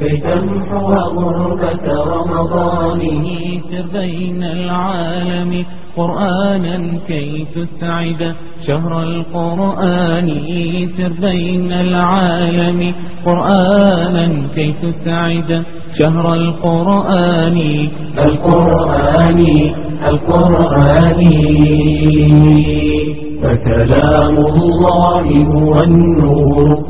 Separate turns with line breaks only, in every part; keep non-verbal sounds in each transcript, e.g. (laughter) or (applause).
كي تمحو غربة رمضانه تبين بين العالم قرآنا كي تسعد شهر القرآن سر بين العالم قرآنا كي تسعد شهر القرآن القرآن القرآن فكلام الله هو النور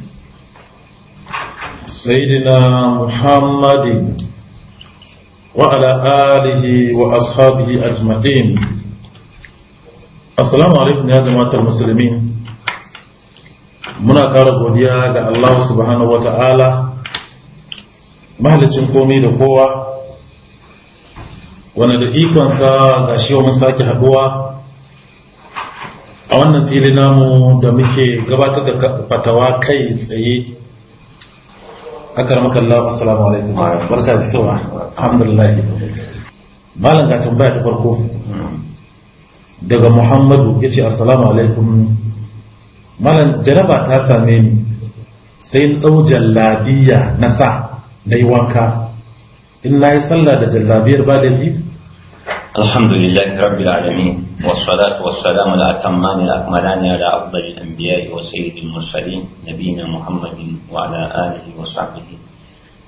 سيدنا محمد وعلى آله وأصحابه أجمعين السلام عليكم يا جماعة المسلمين muna ƙara godiya ga Allah subhanahu wa ta'ala mahalicin komai da kowa wanda da ikonsa ga shi wa sake haɗuwa a wannan fili namu da muke gabatar da fatawa kai tsaye akaramaka Allah assalamu alaikum barka da kowa alhamdulillah malam ga baya ta farko daga Muhammadu yace assalamu alaikum malam jaraba ta same ni sai in dau jallabiya na sa na yi wanka in nayi sallah da jallabiyar ba da fi
Alhamdu لله رب العالمين والصلاة والسلام على أتمان الأكملان على أفضل الأنبياء وسيد المرسلين نبينا محمد وعلى آله وصحبه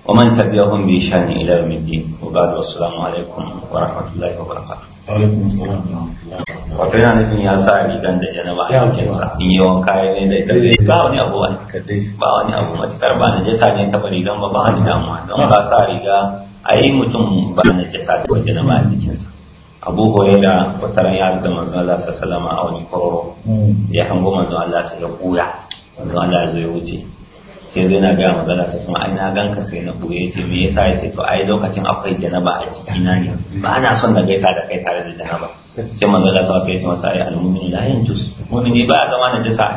ومن تبعهم بإشان إلى يوم الدين وبعد والسلام عليكم ورحمة الله وبركاته
wato yana nufin ya da jana ba in yi ne da ita ba wani abu matukar ba na jasa
ne taɓa rigan ba ba wani damuwa don ba sa riga a mutum ba na jasa da jana a a cikinsa abu hore da kwataran ya da manzon Allah sa salama a wani kororo hmm. ya hango manzon Allah sa ya buya, manzon Allah ya zai wuce sai zai na ga manzon Allah sai ai na ganka sai na ya ce, me yasa ce? to ai lokacin akwai janaba a jikina ne ba ana son na gaisa da kai tare da janaba sai manzon Allah sa ya ce masa ai almu'min la yanjus mu'mini ba zama na jisa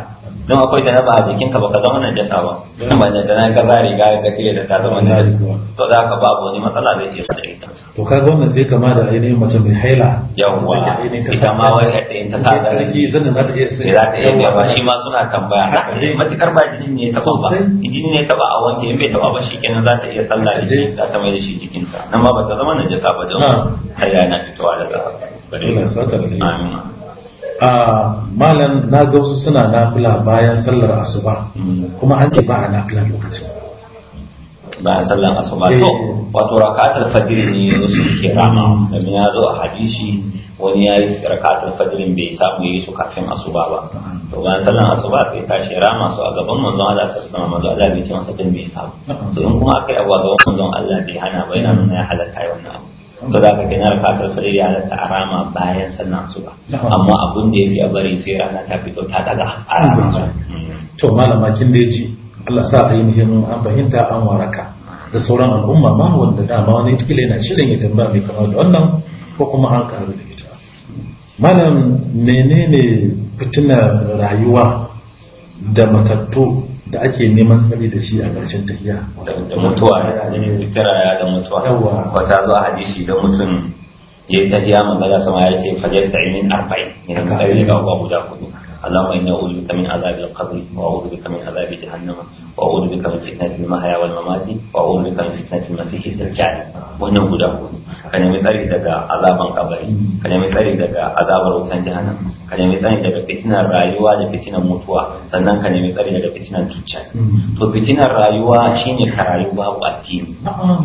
don akwai da naba a jikin ka baka zama na jasa ba don ba da na ka zari ga ka kire da ta zama na jasa to da ka babu wani matsala zai iya sa ita
to ka ga wannan zai kama da ainihin mace mai haila yawwa ita ma wai ka in ta sa da rage zan za ta iya sai za ta ba shi
ma suna tambaya matukar ba jinin ne ta ba jinin ne ta ba a wanke in bai taba ba shikenan za ta iya sallah da shi za ta mai da shi jikinta nan ma ba ta zama na jasa ba don haila na fitowa daga bari na
saka da ni amin a malam na ga wasu suna nafila bayan sallar asuba kuma an ce ba a nafila lokacin
bayan sallar asuba to eh. wato rakatar fajiri ne wasu ke rama da ya zo a hadisi wani ya yi rakatar fajirin bai samu yi su kafin asuba ba to bayan sallar asuba sai tashi rama su a gaban manzon Allah sai sama manzon Allah bai ce masa din bai samu to in kuma akai abu a gaban manzon Allah bai hana ba yana nuna ya halatta wannan abu ba za ka kai na rufa fari da halatta a rama bayan sannan su ba amma abun da ya fi a bari sai rana ta fito ta daga a
rama to malama kin da ji Allah sa yi ainihin an fahimta an waraka da sauran al'umma ma wanda dama wani na na shirin ya tambaya mai kama da wannan ko kuma an karu da ita malam menene fitina rayuwa da matattu da ake neman tsari da shi a ƙarshen tafiya da mutuwa
fitira ya da mutuwa wata zuwa hadisi da mutum ya yi tafiya manzala sama ya ce fajasta imin arba'in yana kasar ne ga guda kudu اللهم إني أعوذ بك من عذاب القبر وأعوذ بك من عذاب جهنم وأعوذ بك من فتنة المحيا والممات وأعوذ بك من فتنة المسيح الدجال wannan guda hudu ka daga azaban kabari ka daga azabar wutan jahannam ka daga fitinar rayuwa da fitinar mutuwa sannan ka daga fitinar tucca to fitinar rayuwa shine ka rayu babu addini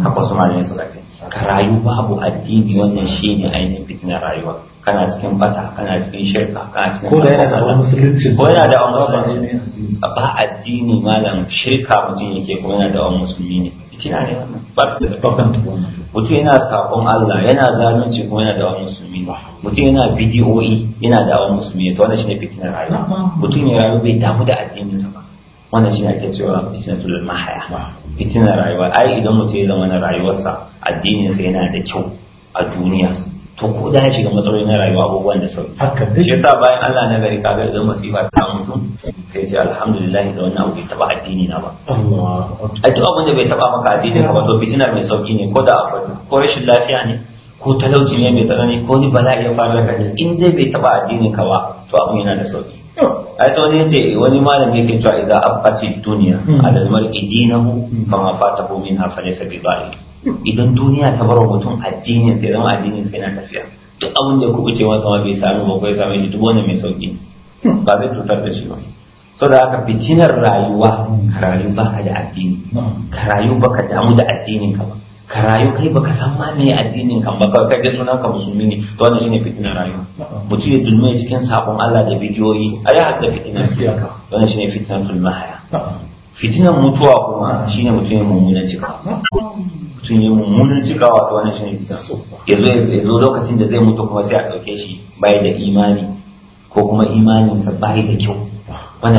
haka su malamai suka ce ka rayu babu addini wannan shine ainihin fitinar rayuwa kana cikin bata kana cikin shirka kana cikin ko da yana da musulunci ko yana da musulunci ba addini malam shirka mutum yake ko yana da musulmi ne kina ne wannan ba su da mutum yana sakon Allah yana zalunci ko yana da musulmi mutum yana bidiyoyi yana da musulmi to wannan shine fitina rayuwa mutum ya rayu bai damu da addinin sa ba wannan shine ake cewa tul mahaya Fitina rayuwa ai idan mutum ya zama na rayuwarsa addinin sa yana da kyau a duniya to ko da shiga matsaloli na rayuwa abubuwan da sauki haka duk yasa bayan Allah na gari kaga idan masifa ta samu mutum sai ce alhamdulillah da wannan abu bai taba addini na ba ai duk abin da bai taba maka addini ka ba to fitina mai sauki ne ko da ko rashin lafiya ne ko talauci ne mai tsanani ko ni bala'i ya faru da in dai bai taba addini ka ba to abin yana da sauki ai sai wani yace wani malami yake cewa idza abqati dunya hmm. ala al-mar'i dinahu fama hmm. fatahu minha ne. bi idan duniya ta bar mutum addinin sai zama addinin sai na tafiya duk abin da ku ce masa bai samu ba kai samu duk wanda mai sauki ba zai cutar da shi ba so da haka fitinar rayuwa ka rayu ba ka da addini ka rayu ba ka damu da addinin ka ba ka rayu kai ba ka san ma me addinin ka ba ka ji sunan ka musulmi ne to wannan shine fitinar rayuwa mutum ya dulme cikin sabon Allah da bidiyoyi ai haka fitinar siyaka wannan shine fitinar haya. fitinar mutuwa kuma shine mutum ya mummuna cika sun yi mummunan cikawa ta shi ne fitan ya zo ya zo lokacin da zai mutu kuma sai a ɗauke shi bai da imani ko kuma imaninsa bai da kyau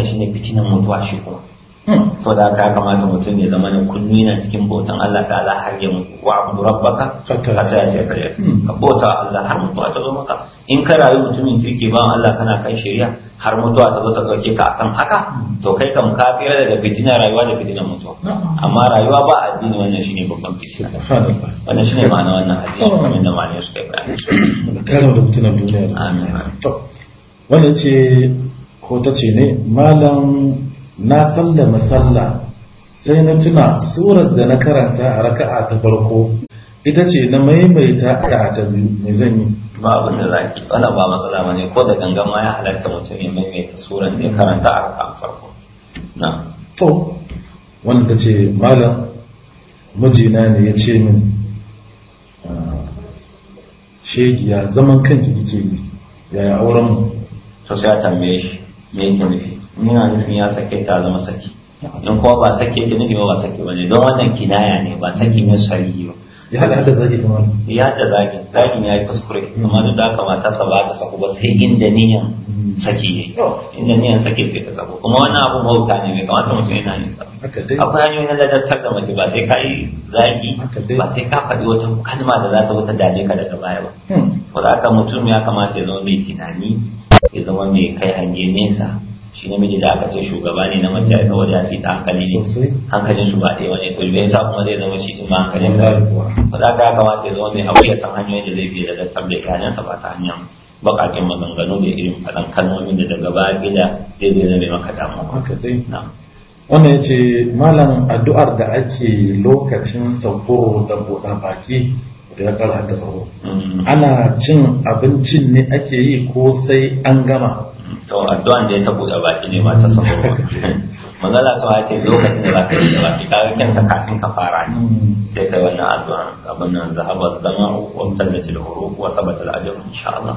shi ne fitinan mutuwa shi kuma hmm. So da ya kamata mutum ya zama ne kunni na cikin bautan Allah ta Allah har yin wa abu rabbaka ka sai ya kare hmm. ka bauta Allah har mutuwa ta zo maka in ka rayu mutumin kirki ba Allah kana kan shari'a har mutuwa ta zo ta ɗauke ka akan haka to kai kam ka tsira daga fitinar rayuwa da fitinar mutuwa amma rayuwa ba addini wannan shine babban fitina wannan shine ma'ana wannan hadisi kamar da malamai suka yi bayani kana da fitinar duniya amin to wannan ce ko ta
ce ne malam na sallama sallah sai na tuna surar da na karanta a raka'a ta farko ita ce na maimaita a ta biyu mai zan yi
babu da zaki wala ba matsala ba ne ko da gangan ma ya halarta mutum ya maimaita suran da ya karanta a kan farko na
to Wanda ta ce malam mijina ne ya ce min ah, shegiya zaman kanki kike yi
yaya auren mu to sai a tambaye shi me yake nufi ina nufin ya sake ta zama saki in kuma ba sake ki nufi ba sake ba ne don wannan kinaya ne ba sake ne sarihi ba ya haɗa da zagi kamar ya haɗa zagi zagin ya yi kuskure amma duk da haka mata sa ba ta saku ba sai inda niyan saki ne inda niyan saki sai ta saku kuma wani abu mawuta ne mai kamata mutum yana yin sa akwai hanyoyin na ladattar da mace ba sai ka yi zagi ba sai ka faɗi wata kalma da za ta wata dame ka daga baya ba ko hmm. da haka mutum ya kamata ya zama mai tunani ya zama mai kai hange nesa shi namiji da aka ce shugaba ne na mace ai saboda ya fi ta hankali ne hankalin su ba ɗaya wani to bai sa kuma zai zama shi din ma hankalin ka ba za ka kamata ya zama mai abu ya san hanyoyin da zai bi da dattar da kayansa ba ta hanyar Bakakin maganganu da irin faɗan kalmomin da daga baya gida zai zai zama maka
damuwa. wannan ya ce malam addu'ar da ake lokacin saukoro da buɗa baki da ya da tsaro mm. ana cin abincin ne ake yi ko sai an gama
to addu'an da ya tabo da baki ne ba ta sahurwa magana ta ce lokacin da za ka buɗe baki ka ga kanka kafin ka fara ne sai kai wannan addu'a abin nan zahaba zama wa mutallatil huru wa sabata al-ajr insha Allah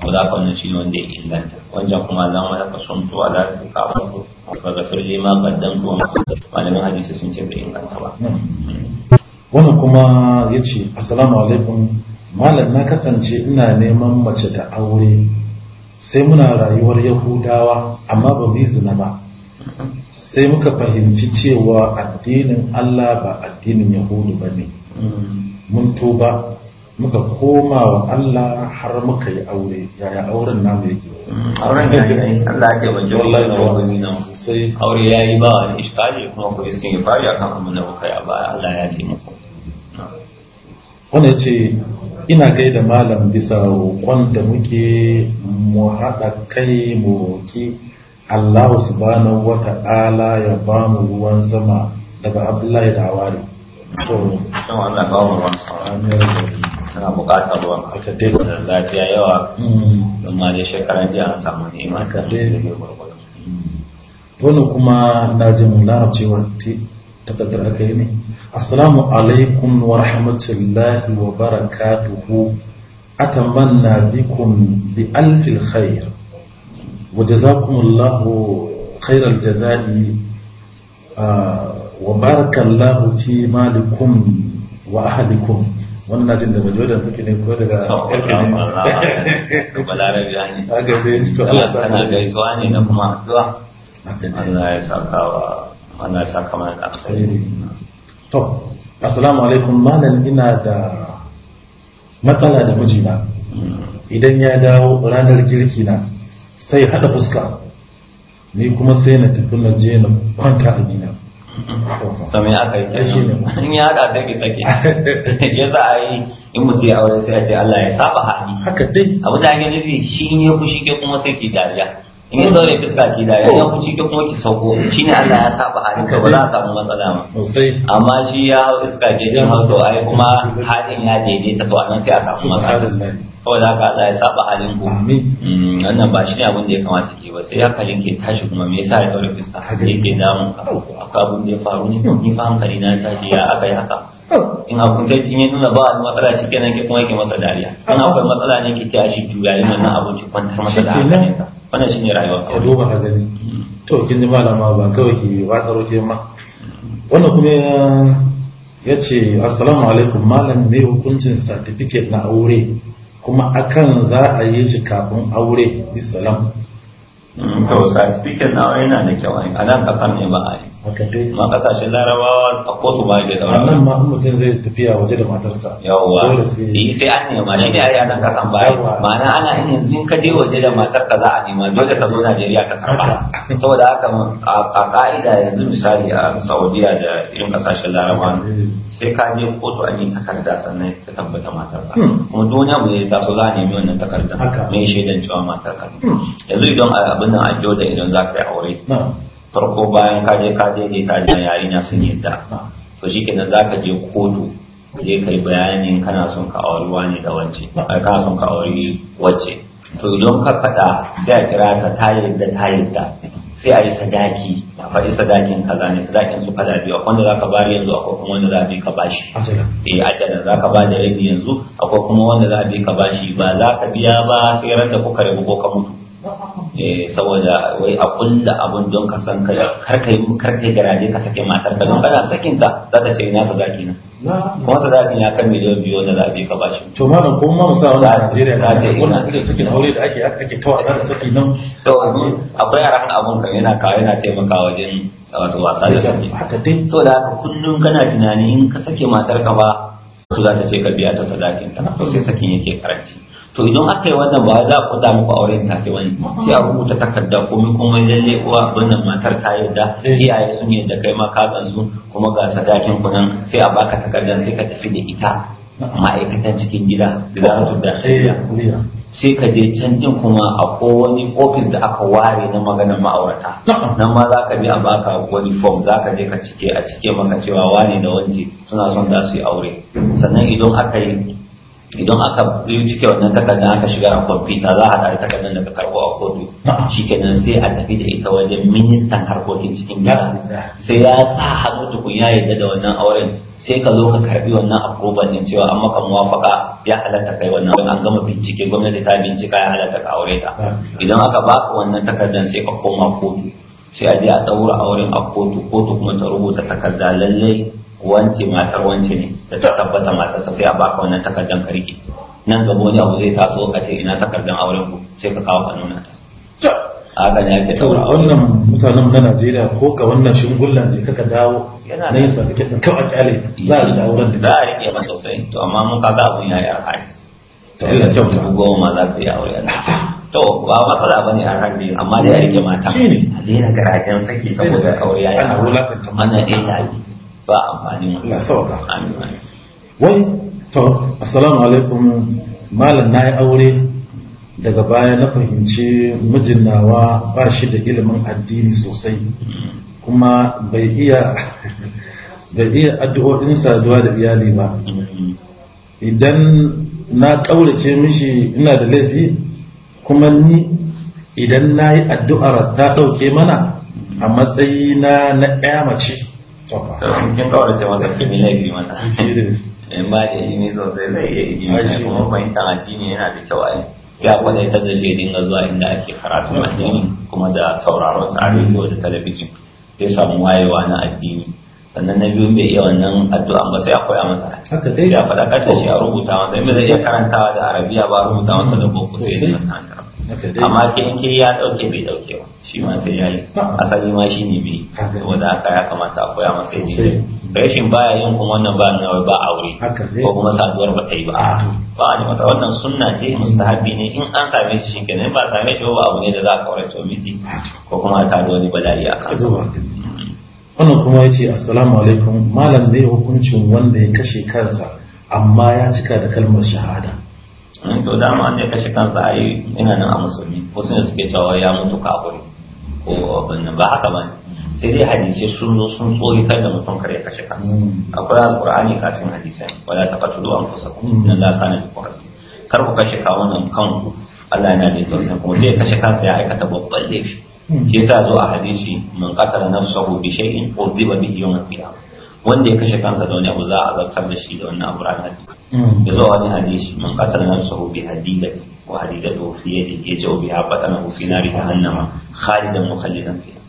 ko da ka shi ne wanda ya inganta Wajen kuma zama da ka suntu ala zikafu ka gafir lima qaddamtu ko malamin hadisi sun ce bai inganta ba
wannan kuma yace assalamu alaikum malam na kasance ina neman mace ta aure sai muna rayuwar yahudawa amma ba mu zina ba sai muka fahimci cewa addinin Allah ba addinin yahudu ba ne mun tuba muka koma wa Allah har muka yi aure yaya auren namu yake auren da ne Allah ya taimake wallahi na wani nan
sai aure ya yi ba wani iskali kuma ko iskin ya fara akan abin da muka a baya Allah ya taimake
wannan ce ina gaida malam bisa roƙon da muke mu haɗa kai mu roƙi Allah subhanahu wa ta'ala ya ba mu ruwan sama daga Abdullahi da
Awari. To, san Allah ba mu ruwan sama. Tana buƙatar ruwan Aka dai da lafiya yawa. Mm. Don ma dai shekaran jiya an samu ni'ima da
mm. kuma na ji mun tabbatar aka yi ne assalamu alaikum wa rahmatullahi wa barakatuhu atamanna bikum bi alfil khair wa jazakumullahu khairal jaza'i ah, wa barakallahu fi malikum wa ahlikum wannan najin da take ne ko daga ne
aga gaisuwa ne na kuma ya saka wa wannan ya saka mana da alkhairi
to assalamu alaikum malam ina da matsala da mijina idan ya dawo ranar girki na sai hada fuska ni kuma sai na tafi na je na kwanta a gina
sami aka yi kashi in ya hada sai ki sake ke (laughs) za a yi in mutu ya aure sai a ce Allah ya saba hali haka dai abu da ake nufi shi ne ku shi ke kuma sai ki dariya in ya zaure fiska ki da ya ku cike kuma ki sauko shine Allah ya saba hali ka ba za a samu matsala ma amma shi ya hau iska ke jin hauto ai kuma halin ya daidaita to anan sai a samu matsala saboda haka Allah ya saba halin ku mm, wannan ba shi ne abin da ya kamata ke ba sai kalin ke tashi kuma me yasa ya daure fiska yake damun ka akwai abin da ya faru ne ni fa hankali na tashi ya aka yi haka in abun kai ya nuna ba wani matsala shi kenan ke kuma yake masa dariya in akwai matsala ne ke tashi juya yi wannan abin ki kwantar masa da hankalinsa wannan shine rayuwa Ya duba ka
to kin ji malama ba kawai ki ba tsaro ke ma wannan kuma ya ce assalamu alaikum malam ne hukuncin certificate na aure kuma akan za a yi shi kafin aure islam
hmm, to certificate na aure yana da kyau a nan kasan ne ba a yi ma kasashen larabawa a kotu ma da daura nan
ma mutum zai tafiya waje da matarsa yawwa
eh, sai an nema shi ne ai nan kasan baya ma'ana ana yin yanzu in ka je waje da matarka za a nema dole ka zo Najeriya ka karba saboda haka a ka'ida yanzu misali a Saudiya da irin kasashen larabawa sai ka je kotu an yi takarda sannan ta tabbata matar ka hmm. kuma duniya mu ta taso za a nemi wannan takarda mai shaidan cewa matar ka hmm. yanzu idan abin nan a da idan za ka yi aure farko bayan ka je ka daidaita da yarinya sun yadda to shi kenan za ka je kotu je kai bayanin kana son ka auri wani da wance kana son ka auri wacce to idan ka fada sai a kira ta ta yadda ta yadda sai a yi sadaki a faɗi sadakin kaza ne sadakin su fada biyu akwai wanda za ka bari yanzu akwai kuma wanda za a bi ka bashi eh ajalan za ka bada rabi yanzu akwai kuma wanda za a bi ka bashi ba za ka biya ba sai ran da kuka rabu ko ka mutu Eh, saboda wai a kulla abun don ka san kar kai kar kai garaje ka sake matar ka don kana sakin ta za ta ce ina zaki na kuma zaki na kan miliyan biyu na zaɓe ka bashi to ma ko ma musa wani a Najeriya na ce ina irin sakin aure da ake ake tawa da saki nan to akwai arahan abun kan yana kawo yana taimakawa wajen wato wasa da saki haka dai saboda haka kullum kana tunanin ka sake matar ka ba su za ta ce ka biya ta sadakin ta na sai sakin yake karanci to idan aka yi wannan ba za a kuɗa muku auren take wani sai a rubuta takarda komai komai lalle uwa wannan matar ta yarda eh. iyaye sun yarda kai ma ka gansu kuma ga sadakin ku sai a baka takardar sai ka tafi da ita ma'aikatan cikin gida ziyarar da sai ka je can din kuma a wani ofis da aka ware na maganar ma'aurata nan ma za ka je a baka wani form za ka je ka cike a cike maka cewa wane da wance suna son za su yi aure sannan idan aka yi idan aka yi cike wannan takardar aka shiga a kwamfuta za a tare takardar daga karɓo a kotu shi kenan sai a tafi da ita wajen ministan harkokin cikin gara sai ya sa hannu tukun ya yadda da wannan auren sai ka zo ka karbi wannan approval din cewa an maka muwafaka ya halatta kai wannan an gama bincike gwamnati ta bincika ya halatta ka aure ta idan aka baka wannan takardar sai ka koma kotu sai a je a tsawura auren a kotu kotu kuma ta rubuta takarda lallai wanci matar wanci ne da ta tabbata matarsa sai a baka wannan takardar ka rike nan gaba wani abu zai taso ka ce ina takardar auren ku sai ka kawo kanuna ta haka ne ake A wannan
mutanen na Najeriya ko ga wannan shingullan je kaka dawo yana da yasa kake din kawai kyale
za a dawo ran da za a rike ba sosai to amma mun kaga abun yayi arha to ta kyauta goma za ta yi aure to ba matsala bane a harbi amma dai a rike mata a daina garajen saki saboda aure yayi aure ana ɗaya da ba amfani Allah sauka amin
wai to assalamu alaikum malam yi aure daga baya na fahimci mijinawa nawa ba shi da ilimin addini sosai kuma bai iya (laughs) bai iya addu'o'in saduwa da iyali ba idan na ƙaurace mishi ina da laifi kuma ni idan na yi addu'ar ta ɗauke mana a matsayina na ɗaya mace sauran kin kawar ce masa laifi
mana (laughs) in ba da ilimi sosai zai iya ilimi kuma fahimtar addini yana da kyau a yi ya kwadaitar da shi dinga zuwa inda ake karatun addini kuma da sauraron sa rediyo da talabijin zai samu wayewa na addini sannan na biyu bai iya wannan addu'a ba sai a koya masa ya faɗa kashe shi a rubuta masa in bai zai iya karantawa da arabiya ba rubuta masa da boko sai amma ke ya dauke bai dauke ba shi ma sai ya yi asali ma shi ne bai wanda aka ya kamata a koya masa yi rashin baya yin kuma wannan ba na ba aure ko kuma saduwar ba ta yi ba ba ne masa wannan sunna ce mustahabi ne in an same shi ne ba same shi ba abu ne da za ka aure to miji ko kuma ta da wani bala'i a kan
wannan kuma ya ce assalamu alaikum malam ne hukuncin wanda ya kashe kansa amma ya cika da kalmar shahada
Hmm, to dama an ya kashe kansa a yi ina nan a musulmi wasu ne suke cewa ya mutu kafuri ko abin ba haka ba sai dai hadisi sun zo sun tsoritar da mutum kar ya kashe kansa hmm. akwai alkur'ani kafin hadisai wala taqatulu anfusakum inna hmm. allaha kana bikum rahima kar ku kashe kawunan kanku Allah yana da tausayin kuma zai kashe kansa ya aikata babban laifi shi yasa zo a hadisi man qatala nafsahu bi shay'in udhiba ziba yawm al-qiyamah wanda ya kashe kansa da wani abu za a zartar da shi da wannan abu ranar mm. ya zo wani hadisi man qatal nafsahu bi hadidati wa hadidatu fi yadihi yaj'u biha batanahu fi nari jahannama khalidan mukhallidan fiha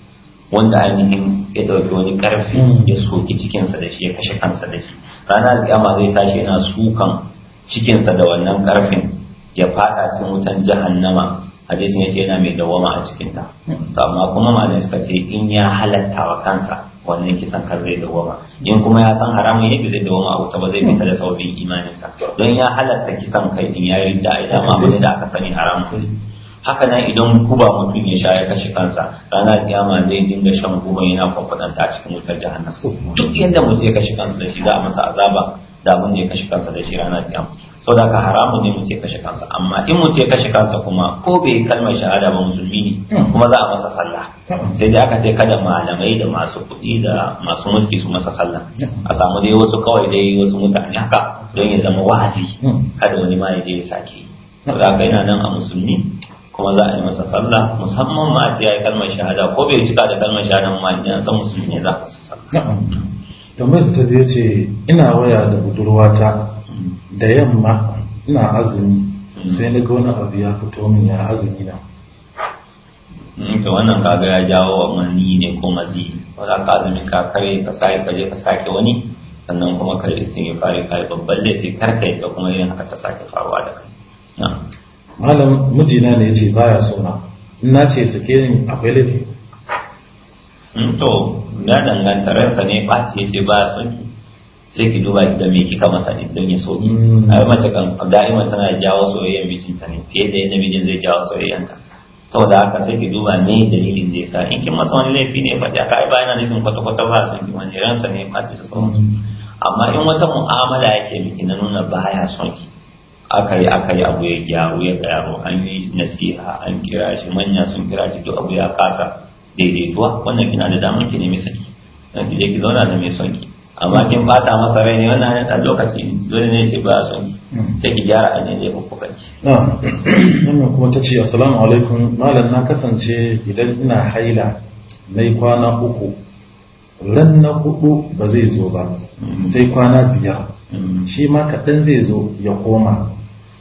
wanda ainihin ya dauki wani karfi mm. ya soki cikinsa da shi ya kashe kansa da shi ranar kiyama zai tashi yana sukan cikinsa da wannan karfin ya fada cikin wutan jahannama hadisin yace yana mai dawama a cikinta mm. to amma kuma malamai suka ce in ya halatta wa kansa wannan kisan kan zai dawama in kuma ya san haramun ne zai dawama a wuta ba zai fita da saurin imaninsa don ya halatta kisan kai in ya yi da ita ma da aka sani haramun haka nan idan guba mutum ya sha ya kashe kansa ranar kiyama zai dinga shan guba yana kwakwadanta a cikin wutar jahannan duk yadda mutum ya kashe kansa da shi za a masa azaba da abin da ya kashe kansa da shi ranar kiyama Sau da ka haramun ne mutum ya kashe kansa amma in mutum ya kashe kansa kuma ko bai kalmar shahada ba musulmi ne kuma za a masa sallah sai dai aka ce kada malamai da masu kuɗi da masu mulki su masa sallah a samu dai wasu kawai dai wasu mutane haka don ya zama wa'azi kada wani ma ya je ya sake za da yana nan a musulmi kuma za a yi masa sallah musamman ma a ya yi kalmar shahada ko bai cika da kalmar shahada ma idan san musulmi ne za a masa sallah
ta da ce ina waya da budurwata da yamma ina azumi hmm. sai na gona wani abu ya fito min ya azumi na
Hmm, to wannan kaga ya jawo wa mani ne ko mazi za ka azumin ka kare ka sai ka je ka sake wani sannan kuma ka yi sun yi fari kai babban laifi kar ka yi ka kuma yin haka ta sake faruwa da kai
malam mijina ne yace baya sona in na ce sake ni akwai laifi
hmm, to na danganta ransa ne ɓaci yace baya son ki sai ki duba da me kika masa ne don ya ki. Hmm. a mace kan da'iman tana jawo soyayyen mijinta ne fiye da yadda mijin zai jawo soyayyen ka saboda haka sai ki duba ne dalilin da yasa in kin masa wani laifi ne fa da ba yana nufin kwata kwata ba su wani ransa ne ba su da sauransu amma in wata mu'amala yake miki na nuna baya son ki aka yi abu ya gyaru ya gyaru an yi nasiha an kira shi manya sun kira shi duk abu ya kasa daidaituwa wannan kina da damar ki nemi saki dan ki je ki zauna da mai son ki amma in bata masa rai ne wannan hanyar lokaci dole ne ce ba su hmm. sai ki gyara a da kuka kanki
wannan kuma ta ce assalamu alaikum malam na kasance idan ina haila na kwana uku ran na hudu ba zai zo ba hmm. sai kwana biyar hmm. shi ma kaɗan zai zo ya koma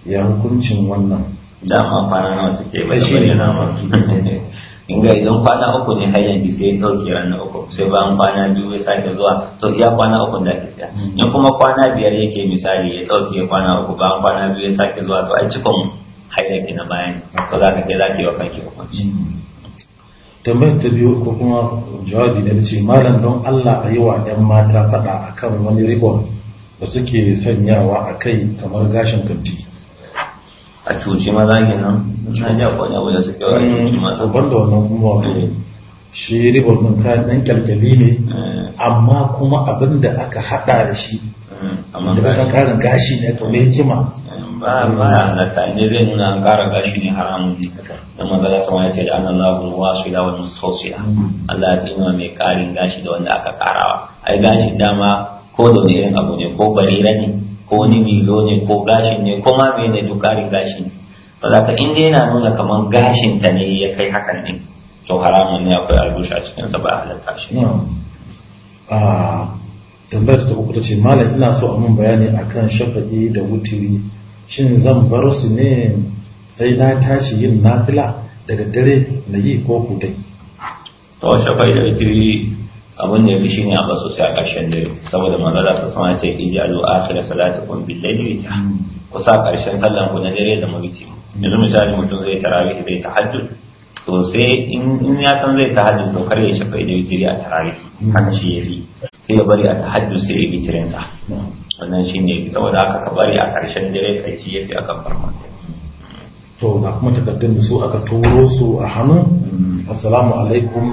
ya hukuncin
wannan dama kwana nawa suke ba shi ne (laughs) inga idan kwana uku ne har yanzu sai ya ɗauke ranar uku sai bayan kwana biyu ya sake zuwa to iya kwana uku da ake tsaya hmm. in kuma kwana biyar yake misali ya ɗauke kwana uku bayan kwana biyu ya sake zuwa to ai cikon hayyaki na bayan to za ka kai za ka yi wa kanki hukunci.
Hmm. tambayar ta biyu ko kuma jawabi na ce malam don Allah a yi wa 'yan mata faɗa akan wani ribon da suke sanyawa a kai kamar gashin kanti a cuci maza nan na ji akwai abu da suke wa cuci mm, maza ban da wannan kuma wani eh. shi ribar nan kayan nan kyalkyali ne eh. amma kuma abin da aka haɗa da shi
eh, da san karin
gashi ne to mai kima.
ba ba halatta ne zai nuna an kara gashi ne haramun ne da maza da sama ya ce da an Allah wa wasu da wani sosiya mm. Allah ya tsima mai karin gashi da wanda aka karawa ai gashi dama ko da wani irin abu ne ko barira ne ko wani milo ne ko gashin ne ko ma duk dukarin gashi ba za ka inda yana nuna kamar gashin ta ne ya kai hakan ne to haramun ne akwai albusha cikin sa ba halatta shi ne
ah, tambayar ta uku tace ce malam ina so a mun bayani akan shafa'i da wutiri shin zan bar su ne sai na tashi yin nafila da daddare na yi ko kudai
to shafa'i da wutiri abin da fi shine a basu sai a karshen dare saboda manzo da su sama ce iji alu akhira kun bil layli ta hmm. ku sa karshen sallan ku na dare da mabiti yanzu misali mutum zai tarawih zai tahajjud to sai in ya san zai tahajjud to kar ya shafa idan jiri a tarawih haka shi ya fi sai ya bari a tahajjud sai ya bitirin sa wannan shine saboda haka ka bari a karshen dare kai ci yafi akan farma
to ga kuma takardun su aka turo su a hannu hmm. assalamu alaikum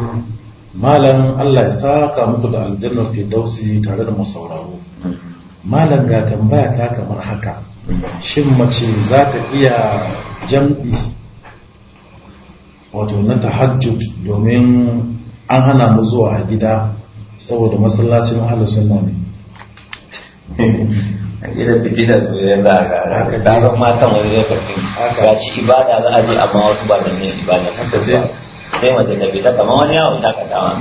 malam Allah ya saka muku da aljannar firdausi tare da masauraro malam ga tambaya ta kamar haka shin mace za ta iya jam'i wato na tahajjud domin an hana mu zuwa a gida saboda masallacin ahlus sunna ne
a gidan fitina su ya za a gara ta matan wani lokacin ga shi ibada za a je amma wasu ba da ne ibada sai mace ta fita kamar wani yawon shakatawa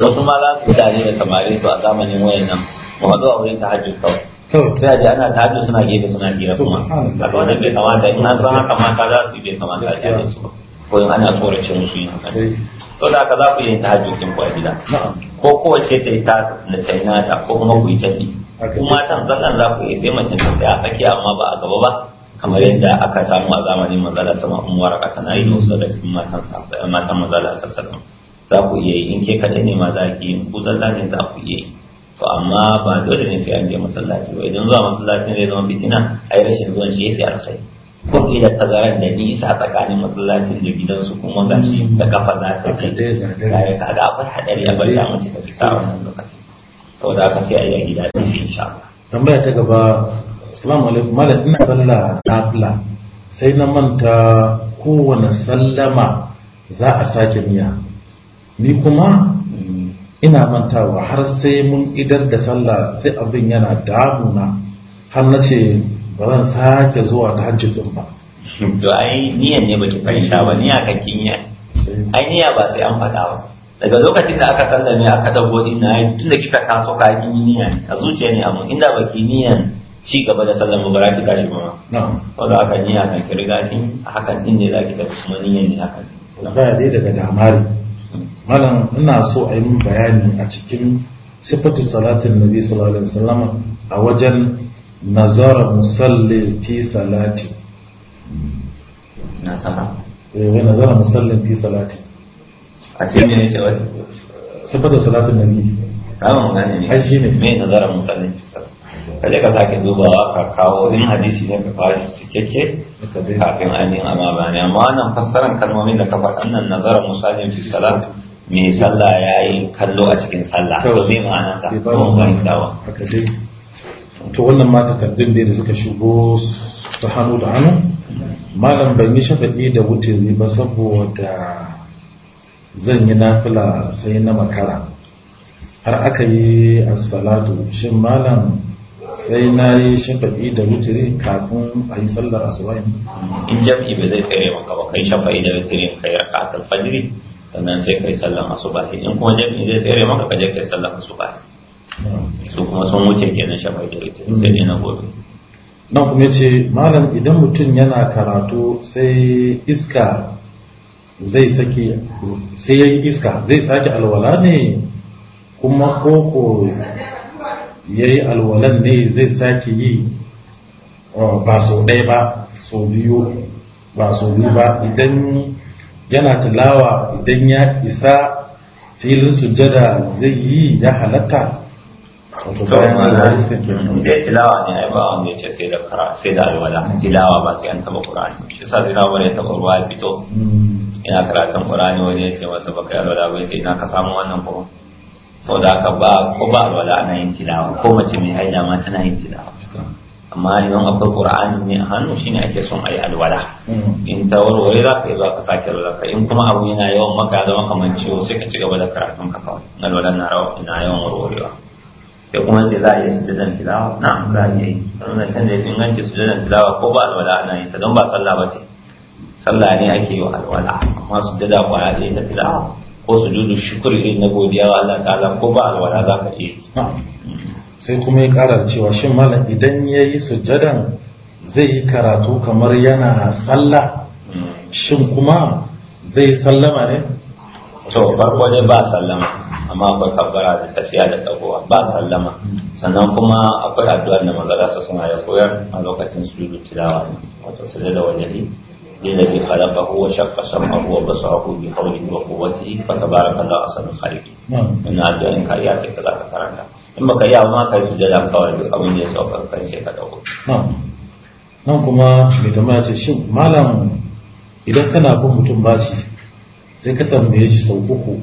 wasu ma za su mutane da samari su a zamanin wayan nan mu haɗu a wurin ta hajji kawai sai a ji ana ta hajji suna gefe suna gira kuma a ga bai kamata in an san haka mata za su yi bai kamata a jere su ko in ana tsorace musu yin haka to da haka za ku yi ta hajji kin ku a gida ko kowace ta yi ta na tainata ko kuma ku yi tafi kuma matan zannan za ku yi sai mace ta tsaya a tsakiya amma ba a gaba ba kamar yadda aka samu a zamanin mazala sama in waraka tana yi wasu daga cikin matan matan mazala sassan. za ku iya yi in ke kaɗai ne ma za ki yi ku zalla ne za ku iya yi to amma ba dole ne sai an je masallaci ba idan zuwa masallacin zai zama fitina a yi rashin zuwan shi yake alkhairi ko ke da tazarar da nisa tsakanin masallacin da gidansu kuma ga shi da kafa za ta kai kare kaga akwai haɗari a bari a mace ta fi sa wannan lokaci saboda haka sai a yi gida ta fi insha Allah
tambaya ta gaba assalamu alaikum malam ina sallah nafila sai na manta kowane sallama za a sake miya ni kuma ina mantawa har sai mun idar da sallah sai abin yana damuna har na ce ba zan sake zuwa ta hajji din ba
to ai niyan ne baki fahimta ba niyya kakkin ya ai niyan ba sai an faɗa ba daga lokacin da aka sallame aka dago din na tun da kika taso ka yi niyan. a zuciya ne amma inda baki niyan ci gaba da sallar mubaraki za ki tashi ba wanda aka niyya kan ki riga kin a hakan din ne za ki tafi kuma niyyan ne hakan ya dai daga damari
malam ina so a yi min bayani a cikin sifatu salatin nabi sallallahu alaihi wasallam a wajen nazara musalli fi salati sama eh wai nazara musallin fi salati
a cikin ne ce wai sifatu salatin nabi kawai magana ne ai shine me nazara musallin fi salati kaje ka sake dubawa ka kawo in hadisi ne ka fara shi cikakke ka ji hafin ainihin amma ba ne amma wannan fassaran kalmomin da ka faɗa nan nazarar musalin fi salat mai sallah ya yi kallo a cikin sallah to me ma'anarsa kuma je,
to wannan ma takardun da suka shigo ta hannu da hannu malam ban yi shafaɗi da wutiri ba saboda zan yi nafila sai na makara har aka yi assalatu shin malam sai na yi shafa'i da wutiri kafin a yi sallar asuba
in jam'i ba zai tsere maka ba kai shafa'i da wutiri kai raka ta fajiri sannan sai kai sallar asuba in kuma jam'i zai tsere maka ka je kai sallar asuba su kuma sun wuce kenan shafa'i da wutiri sai ne na gobe
na kuma ce malam idan mutum yana karatu sai iska zai saki sai iska zai sake alwala ne kuma koko Yayi yi alwalan ne zai sake yi uh, ba sau ɗaya ba sau biyu ba sau biyu ba idan yana tilawa idan ya isa filin sujada zai yi ya halatta
wato bayan alwala sai tilawa ne ai ba wanda ya ce sai da kara sai da alwala tilawa ba sai an taba qur'ani shi sa tilawa ne ta taba ruwa fito hmm. ina karatun qur'ani wani ya ce masa baka alwala ba ya ce ina ka samu wannan ko sau da aka ba ko ba alwala ana yin tilawa ko mace mai haida ma tana yin tilawa amma idan akwai ƙura'an ne a hannu shi ne ake son ayi alwala mm-hmm. in ta warware za ka yi za ka sake alwala in kuma abu yana yawan maka zama kamar ciwo sai ka ci gaba da karatun ka kawai alwala na rawa ina yawan warwarewa sai kuma sai za a yi sujadan tilawa na za a yi na canza da inganci sujadan tilawa ko ba alwala ana yin ta don ba sallah ba ce sallah ne ake yi wa alwala amma sujada kwaya ɗaya ta tilawa ko sujudu shukri in na godiya wa Allah ta'ala ko ba alwala za ka iya
sai kuma ya karar cewa shin malam idan ya yi sujjadan zai yi karatu kamar yana
sallah shin kuma zai sallama ne to farko ne ba sallama amma akwai kabbara da tafiya da tagowa ba sallama sannan kuma akwai addu'ar da manzala su suna ya koyar a lokacin sujudu tilawa wato wajen yi. الذي خلقه وشق سمعه وبصره بحوله وقوته فتبارك الله أحسن الخالقين إن أرجو إنك ياتي كذا كفرنا إما كي أوما كي سجدا كوالي أبن يسوك كي سيكتوك
نعم نعم كما mai tambaya ce shin malam idan kana bin mutum bashi sai ka tambaye shi sau uku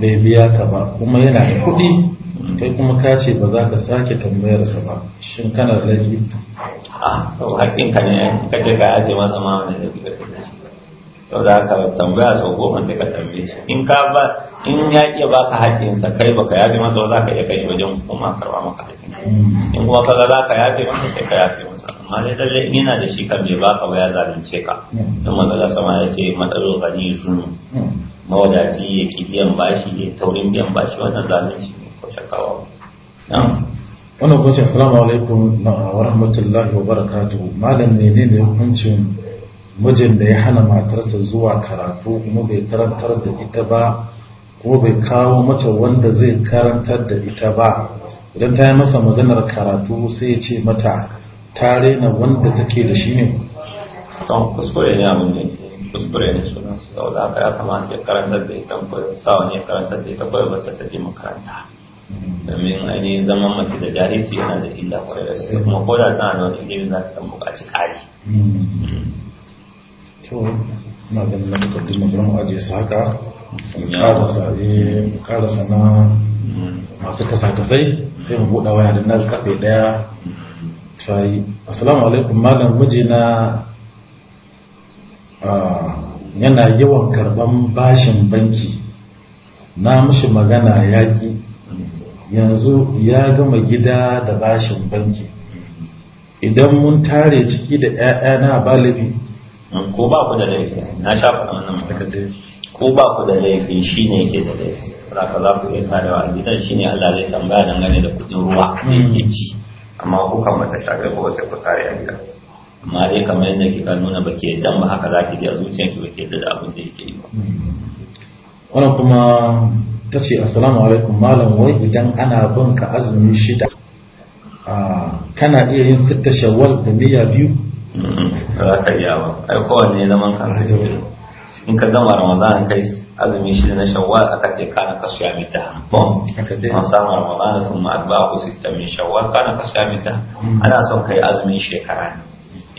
bai biya ka kai kuma ka ce ba za ka sake tambayar sa ba shin kana da laifi a
ah, to hakkin ka ne ka ce ka aje masa ma wani laifi ka kai to da ka tambaya sau goma sai ka tambaye shi in ka ba in ya iya baka hakkin sa kai baka yafe masa ba za ka iya kai wajen kuma karba maka hakkin mm. in kuma ka za ka yafe masa sai ka yafe masa amma dai lalle in yana da shi kan bai baka ba ya zalunce ka mm. don matsala sama ya ce matsalolin gani mm. mawadaci ya ki biyan bashi ya taurin biyan bashi wannan zalunci wani kwanci ba
na'am wannan kuma assalamu alaikum wa rahmatullahi wa barakatuh malam da hukuncin
mijin da ya
hana matarsa zuwa karatu kuma bai karantar da ita ba kuma bai kawo mata wanda zai karantar da ita ba idan ta yi masa maganar karatu sai ya ce mata tare na wanda take da shi ne
don kuskure ne amin ne kuskure ne sunan su da wadda ya kamata ya karantar da ita ko sa wani ya karantar da ita ko bata ta tafi makaranta domin ainihin zaman mace da jahilci yana da illa kwarai da sai kuma ko da tana da wani ilimi za ta buƙaci ƙari
to na ganin da mukaddima don ajiye su haka kada sana eh, masu kasa-kasai sai mu buɗa waya da nan kafe ɗaya shayi assalamu alaikum malam mijina ah, yana yawan karban bashin banki na mishi magana yaƙi yanzu ya gama gida da bashin banki idan mun tare ciki da 'ya'yana ba laifi
mm, ko ba ku da laifi na sha wannan matakan ko ba ku da laifi shine yake da laifi ka za ku iya karewa a gidan shine Allah zai tambaya dangane da kudin ruwa da mm. yake ci amma ku kan mata shafe ba sai ku tare a gida amma dai kamar yadda kika nuna ba ke dan ba haka za ki ji a zuciyarki ba ke da abin da yake yi ba
mm.
wannan kuma ta ce assalamu alaikum malam wai idan ana bin ka azumi shida kana iya yin sitta shawwal da miya biyu
za ka iya ba ai kowanne zaman kansa in ka gama ramadan kai azumi shida na shawwal aka ce kana ka sha Aka bon an samu ramadan sun ma adba ku sitta min shawwal kana ka sha mita hmm. ana son kai azumin shekara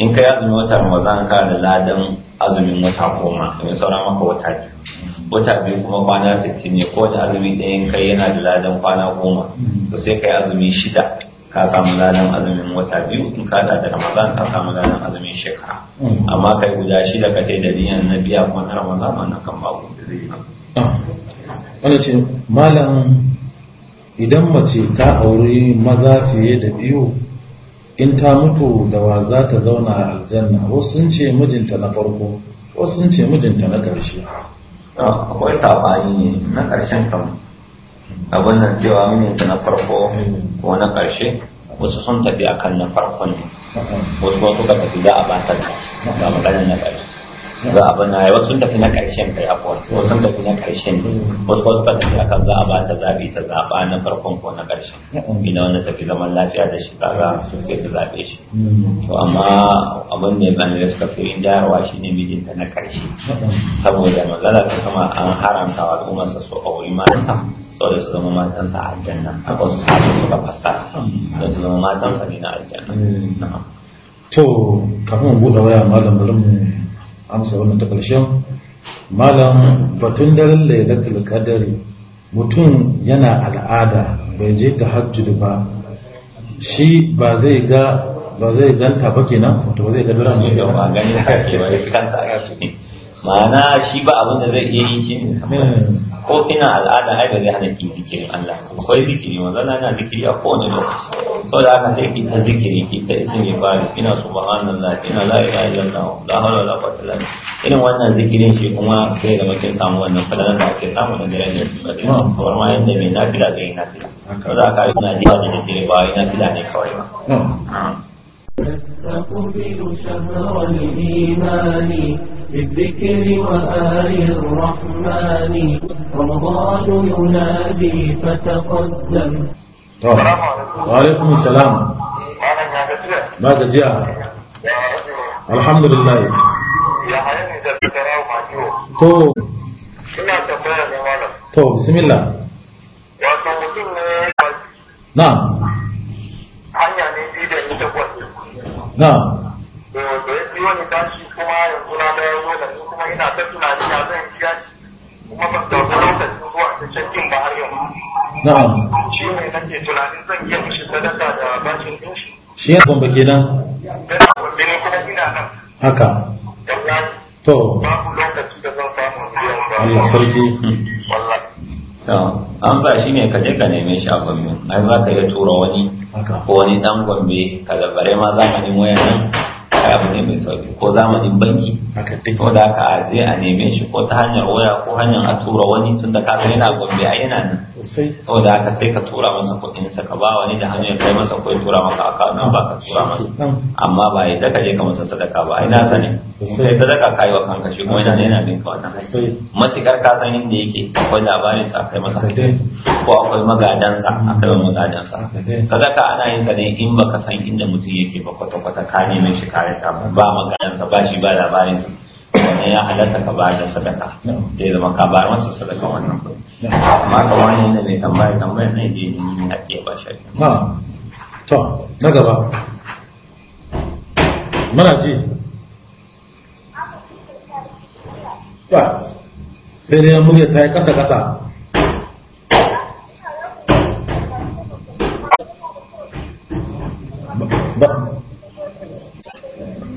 in kai azumin wata ramadan kana da ladan azumin wata goma in saura maka wata biyu wata biyu kuma kwana sittin ne ko da azumi ɗayan kai yana da ladan kwana goma to sai kai azumi shida ka samu ladan azumin wata biyu in ka da ramadan ka samu ladan azumin shekara mm. amma kai guda shida ka sai da niyan na biya kuma na ramadan wannan kan babu da zai yi ah.
wani ce malam idan mace ta auri maza fiye da biyu in ta mutu da wa za ta zauna a aljanna wasu sun ce mijinta na farko wasu sun ce mijinta na ƙarshe
akwai sabani ne na karshen kan abin nan cewa yi na farko ko na ƙarshe wasu sun tafi akan na farkon ne mm-hmm. wasu kuma suka tafi za a ba ta da maganin na ƙarshe za a bana ya wasu tafi na karshen kai afuwa wasu tafi na karshen ne wasu wasu kan tafi akan za a ba ta zaɓi ta zaɓa na farkon ko na karshen ina wanda tafi zaman lafiya da shi kaga sai ta zaɓe shi to amma abin ne ban da suka fi indarwa shi ne mijinta na karshe saboda magana ta kama an haramta wa al'ummarsa su a wuri sau da su zama matansa a aljanna a wasu sabon suka fasa don su zama matansa ne na aljanna
to kafin buɗe waya malam bari mu amsa wannan ta ƙarshen malam batun daren lailatul qadari mutum yana al'ada bai je tahajjud ba shi ba zai ga ba zai danta ba kenan to ba zai ga daren ne ba gani haka ba
kansa aka ma'ana shi ba abin da zai iya yi shi ne hmm. ko kina al'ada ai ba zai hana ki zikirin Allah akwai zikiri wanda na yana zikiri a kowane lokaci to da aka sai ki ta zikiri ki ta ismi bari ina subhanallah ina la ilaha illallah la hawla wala quwwata illa billah irin wannan zikirin shi kuma sai da mutum samu wannan fadalan da ake samu da daren da suka da kamar ma yanda mai nafila da yin nafila to da aka ina ji wannan zikiri ba ina nafila ne kawai ba
نستقبل شهر الإيمان بالذكر وآل الرحمن رمضان ينادي فتقدم السلام عليكم وعليكم السلام ما تجيء الحمد لله يا حياني تذكره معجوه تو ina tambaya ne malam
to bismillah
wato mutum ne
na
hanya ne biyu da ita kwanci na da eh, ya siyo ni tashi kuma yanzu na da zo da ni kuma ina ta tunani a zan biya kuma ban samu lokacin zuwa ta cakin ba har yau. yanzu. Shi ne nake tunanin zan iya mishi sadaka
da bashin din shi.
Shi ya gombe kenan.
Yana gombe ne kuma ina nan. Haka. Yawwa. To. Babu lokaci da zan samu biyan ba. Allah eh, sarki. Wallahi.
amsa shi ne kaje ka neme shi a gombe ai za ka iya tura wani ko wani dan gombe ka zabare ma za ka wayan nan ai abu ne mai sauki ko zamanin banki ko da ka zai a neme shi ko ta hanyar waya ko hanyar a tura wani tun da kasa yana gombe a yana nan sau da aka sai ka tura masa kuɗin sa ka ba wani da hanyar kai masa ko tura maka aka nan ba ka tura masa amma ba ya daga je ka masa sadaka ba ina sani sai sadaka ka yi wa kanka shi kuma yana yana bin ka wannan matukar ka san inda yake akwai labarin sa kai masa ko akwai magadansa akwai magadansa sadaka ana yin sa ne in baka san inda mutum yake ba kwata-kwata ka neman shi kare samu ba ka ba shi ba su wannan ya halatta ka ba da sadaka ya zama ka ba masa sadaka wannan kuɗi amma ka wani ne mai tambaya tambayar ne je in yi ake ba shi
to na gaba muna ji sai ya murya ta yi kasa-kasa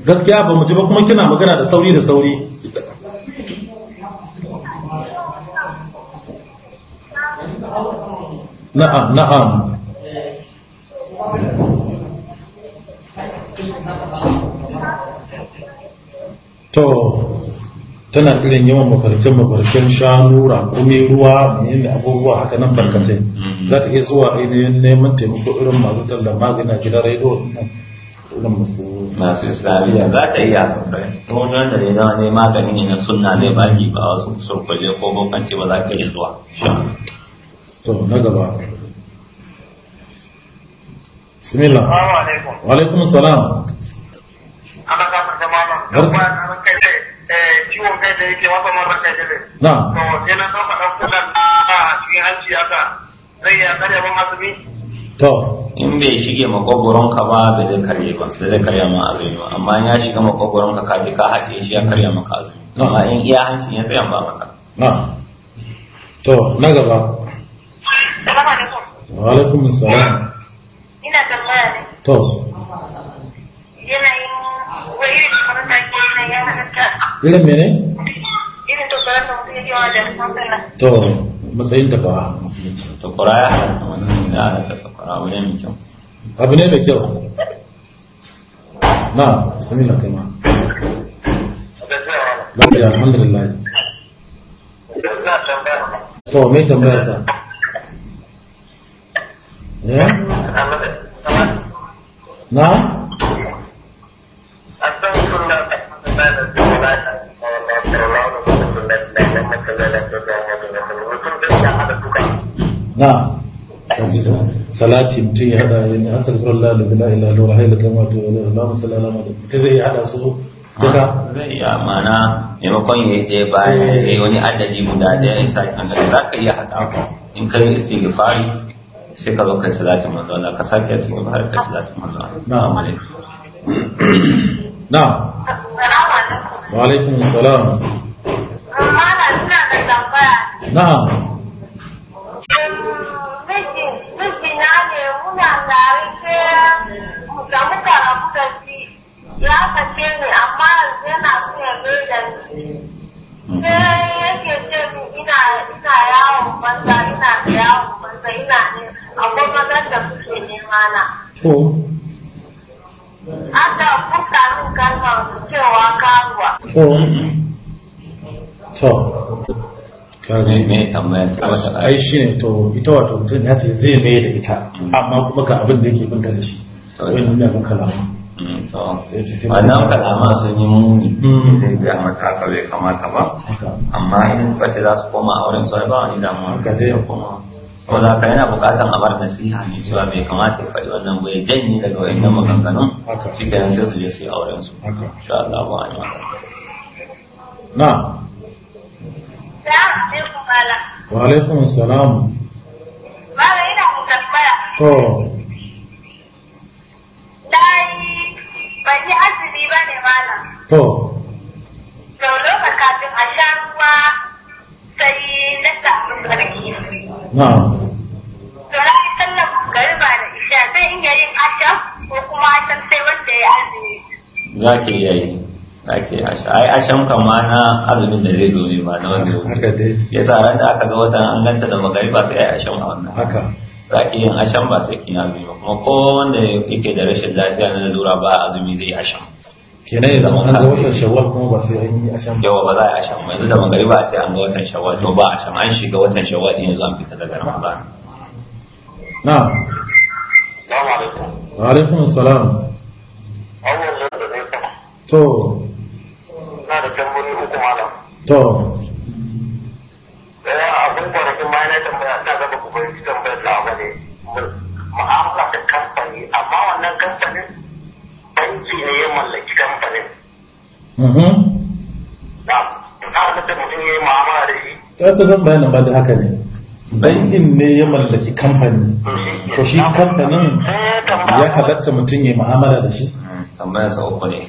gaskiya ba mu ji ba kuma kina magana da sauri da sauri na'am na'am
to tana irin yawan mafarkin mafarkin shanu rakumi ruwa menene abubuwa haka nan barkatai mm. za ta iya zuwa ainihin neman taimako irin masu tallar magana gidan rediyo ɗin musu masu islamiyya za ta iya sosai
kuma wanda da ya ne magani ne na sunna zai baki ba wasu surkwaje ko bambanci ba za ka yi zuwa to na gaba
bismillah wa alaikum salam ana ka
eh, kai da yake mun na to so ka dauka da a cikin hanci zai ya to in bai shige makogoron ka ba bai zai karye ba bai zai karya ma azumi ba amma ya shiga makogoron ka ka ka haɗe shi ya karya maka azumi amma in iya hancin ya tsaya ba masa na to na gaba salamu alaikum
wa alaikum assalam
ina
tambaya to yanayin wa irin faranta ke yanayin ya halatta irin mene irin to karanta mutum ya yi wa jami'an sallah to
matsayin da kwara musulunci to kwara ya wani wannan da ta kwara wani mai kyau
abu ne mai kyau na bismillah na ma lafiya alhamdulillah to me tambaya ta eh? na na salati mutum ya hada yin asal kurla da bila ila lura kama to wato wani alamun salama da mutum zai hada su duka zai iya mana
maimakon ya yi bayan ya yi wani adadi guda da ya sake wanda za ka iya hada in kai istighfari sai ka zo kai salatin manzo Allah ka sake istighfari kai salatin manzo Allah na'am alaikum
wa alaikum salam
amma na suna da tambaya Na. na ne muna tare sai ga mutane muka ji ya kace ni amma yana so ya ni sai yake ce min ina ina yawon banza ina da yawon ina akwai da suke nema na. Aka kuka min cewa karuwa.
kaji ne
to ita wato mutum ya ce zai mai da ita mm. amma kuma ka abin da yake binta da shi wani nuna mun kalama mm, wannan kalama sun
yi muni mm. da mataka bai kamata ba amma in suka ce za su koma a wurin sai ba wani damuwa ka sai ya koma ko za ka yana bukatan a bar nasiha ne cewa bai kamata ya faɗi wannan ba ya janye daga wayannan maganganun shi kenan sai su je su yi auren su insha Allah ba a yi na Wa
alaikum salam.
Mara ina ku
tambaya. To.
Na yi ban yi azumi ba ne malam.
To.
To
lokacin kafin a sha ruwa sai na samu sarki. Na. To na yi sallar gariba da isha sai in yayin asham ko kuma asham sai wanda ya azumi. Za ki iya yi. ake asha ai ashan kama na azumin da zai zo ne ba na wanda haka dai yasa ran da aka ga wata an ganta da ba sai ai a shan a wannan haka zaki yin a shan ba sai kin azumi ba kuma ko wanda yake da rashin lafiya na lura ba azumi zai a ashan kenan ya zama an ga watan
shawwal kuma ba sai an yi a ba
yawa ba za a ashan ba yanzu da magari ba sai an ga watan shawwal to ba a shan. an shiga watan shawwal din yanzu an fita daga ramadan
na assalamu alaikum wa alaikum assalam to na da tambayoyi uku malam to ɗaya
abin kwanakin ma ne ya mallaki mhm. mutum ya
yi mu'amala da shi zan ba da haka ne bankin ne ya mallaki kamfani mm, to shi kamfanin eh, ya halatta mutum ya yi mu'amala da shi
tambayarsa uku ne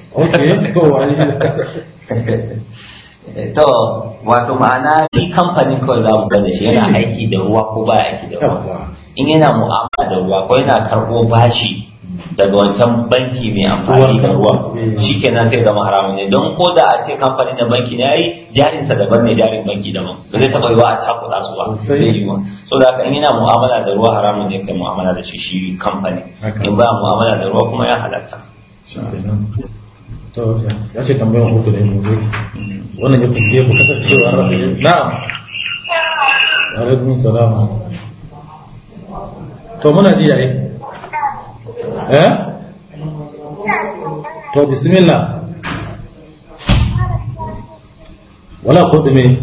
to wato ma'ana shi kamfanin kawai za mu gane shi yana aiki da ruwa ko ba aiki da ruwa in yana mu'amala da ruwa ko yana karɓo bashi daga wancan banki mai amfani da ruwa shi kenan sai zama haramun ne don ko da a ce kamfanin da banki na yi jarinsa daban ne jarin banki daban ba zai taɓa yiwa a cakuɗa su ba so da haka in yana mu'amala da ruwa haramun ne kai mu'amala da shi shi kamfani in ba mu'amala da ruwa kuma ya halatta
shikenan to ya ce tambayar uku da mu dai wannan ya ku rafi na'am
to muna ji yayi eh to bismillah
wala qudmi